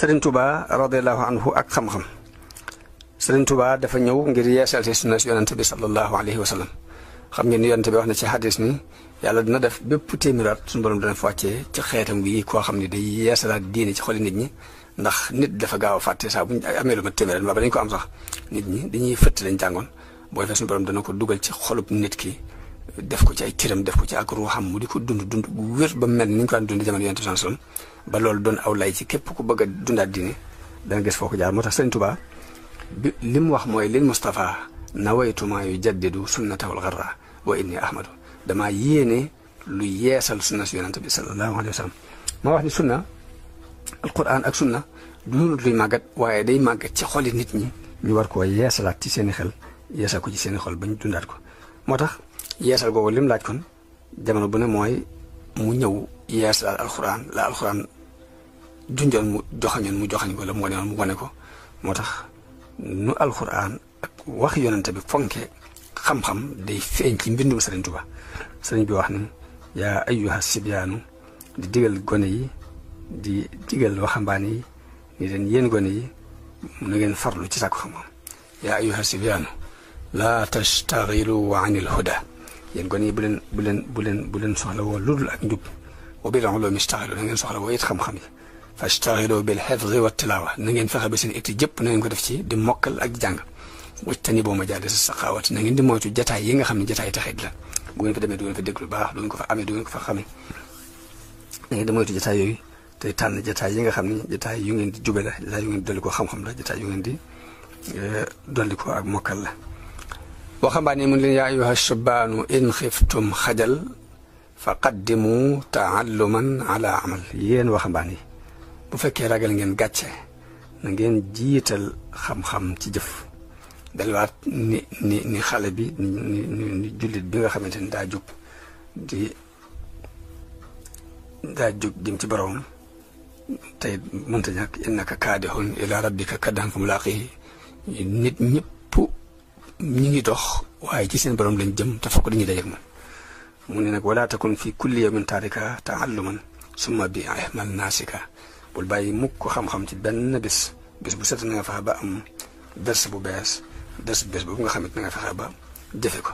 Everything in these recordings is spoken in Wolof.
sëriñ Touba radiallahu anhu ak xam-xam sëriñ dafa ñëw ngir yeesal si sunna si yonante bi sallallahu alayhi wa sallam xam ngeen ni yonante bi wax na ci xadis ni yàlla dina def bépp téeméeraat suñu borom dana fa wàccee ci xeetam bii koo xam ne day yeesalaat diine ci xoli nit ñi ndax nit dafa gaaw a fàtte saa bu ñu amee lu ma téeméeraat ba dañ ko am sax nit ñi dañuy fëtt lañ jàngoon booy fee suñu borom dana ko dugal ci xolub nit ki def ko ci ay tiram def ko ci ak ruuxam mu di ko dund dund bu wér ba mel ni ñu ko daan dund jamono yonent bi sallam ba loolu doon aw lay ci képp ku bëgg a dundaat diine dana gis foo ko jaar moo tax Sëriñ Tuubaa bi li mu wax mooy lil Mustapha nawaytu maa yu jaddidu sunnatahul xarra lu yeesal sunna si yonent bi sallallahu alayhi wa sallam maa wax ni sunna alquran ak sunna du luy màggat waaye day màggat ci xoli nit ñi ñu war koo yeesalaat ci seen i xel yeesal ko ci seeni xol ba ñu dundaat ko moo tax yeesal googu lim laaj kon jamono bu ne mooy mu ñëw yeesal alxuraan la alxuraan junjoon mu joxañoon mu joxañ ko la mu waneoon mu wane ko moo tax nu alxuraan ak wax yonente bi fonke xam-xam day feeñ ci mbindum sëriñ Tuba sëriñ bi wax ni yaa ayyuha sibyaanu di digal gone yi di digal waxambaane yi ni leen yéen gone yi na ngeen farlu ci sàkku xam-xam yaa ayyuha sibyaanu laa tashtaxilu anil huda yéen gone yi bu leen bu leen bu leen bu leen soxla woo ludul ak njub wa bil ulumi istaxilu na ngeen soxla woo it xam-xam yi fastaxilu bil xifdi wa tilaawa na ngeen fexe ba seen itti jëpp na ngeen ko def ci di mokkal ak sa saxaawat na ngeen di moytu jataay yi nga xam ne jataay taxit la bu ngeen fa demee du ngeen fa déglu baax du ngeen ko fa amee du ngeen ko fa xamee na ngeen di moytu jataay yooyu tey tànn jataay yi nga xam ne jataay yu ngeen di jube la jataay yu ngeen di dolli ko xam-xam la jataay yu ngeen di eh, dolli ko ak mokkal la وخباني من يا أيها الشبان إن خفتم خجل فقدموا تعلما على عمل يين وخباني بفكي راجل نجن قاتش نجن جيتل خم خم تجف دلوات ني ني ني خالبي ني ني ني جلد بيغا خمتن دا دي دا جوب ديم تبرون تايد إنك كادهون إلى ربك كدهن فملاقيه نيت نيب ñi ngi dox waaye ci seen boroom lañ jëm te fokk dañuy dajeeg man mu ne nag wala takun fi kulli yawmin taarika taalluman summa bi ihmal naasika bul bàyyi mukk xam-xam ci benn bis bis bu set na nga fexe ba am ders bu bees ders bu bees bu nga xam it na nga fexe ba jëfe ko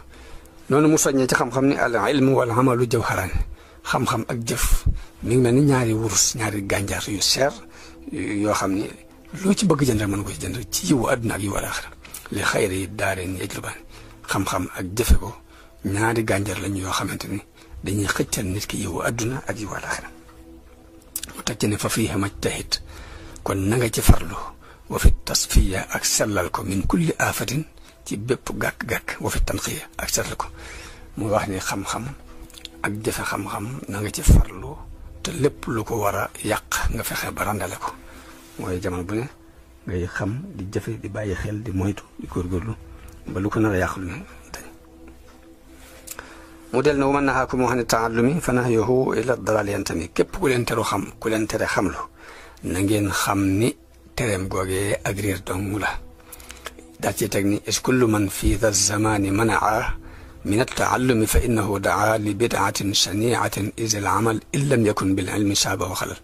noonu mu soññee ci xam-xam ni al ilmu wal amalu jawharan xam-xam ak jëf mi ngi mel ni ñaari wurus ñaari gànjaar yu seer yoo xam ni lu ci bëgg jënd mën ko ci jënd ci yiwu àdduna ak yi alaaxira li xayri daarin yajluban xam-xam ak jëfe ko ñaari gànjar lañ yoo xamante ni dañuy xëccal nit ki yiwu àdduna ak yiwu alaxira mu teg ci ne fa fiiha majtahid kon na nga ci farlu wa fi tasfiya ak sellal ko min kulli aafatin ci bépp gàkk-gàkk wa fi tanqiya ak sellal ko mu wax ni xam-xam ak jëfe xam-xam na nga ci farlu te lépp lu ko war a yàq nga fexe ba randale ko mooy jamono bu ne ngay xam di jafe di bàyyi xel di moytu di góorgóorlu ba lu ko nar a yàqul ñu dañ mu del ne wa man nahaakum an taallumi fa nahyuhu ila dalali yantami képp ku leen teru xam ku leen tere xam lu na ngeen xam ni tereem googee ak réer dong la daal ci teg ni is kullu man fi da zamani manaa من التعلم فإنه دعا لبدعة شنيعة إذ العمل إن لم يكن بالعلم شاب وخلل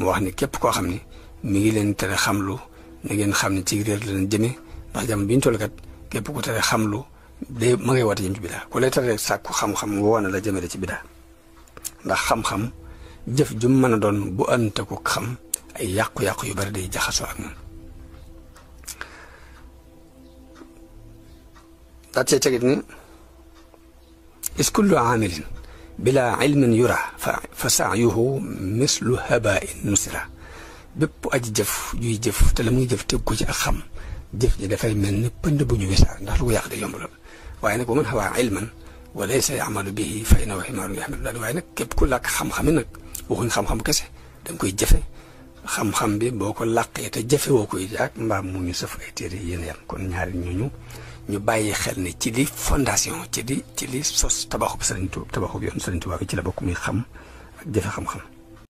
موحني wax كو خمني ميلين تري خملو na ngeen xam ne ci réer la leen jëmee ndax jamono bi ñu toll kat képp ku tere xam lu xam la jëmale ci bidaa ndax jëf ju mën a doon bu ante ko xam ay yàqu-yàqu yu bari day jaxasoo ak moom. daa cee tegit ni is kullu aamilin bila ilmin yura fa saayuhu mislu habain nusira bépp aji jëf yuy jëf te la muy jëf teg ko ci ak xam jëf ji dafay mel ni pënd bu ñu wisaar ndax lu ko yàq day yomb lool waaye nag wa man xawaa ilman wa laysa yamalu bihi fa innahu ximaarun yaxmilu daal waaye nag képp ku làkk xam-xami nag waxuñ xam-xam kese da nga koy jëfe xam-xam bi boo ko làqee te jëfe woo koy jaag mbaam mu ñu sëf ay téere yéen yam kon ñaari ñooñu ñu bàyyi xel ne ci li fondation ci li ci li sos tabaxu bi sëriñ Tuubaa tabaxu bi yoon sëriñ Tuubaa bi ci la bokk muy xam ak jëfe xam-xam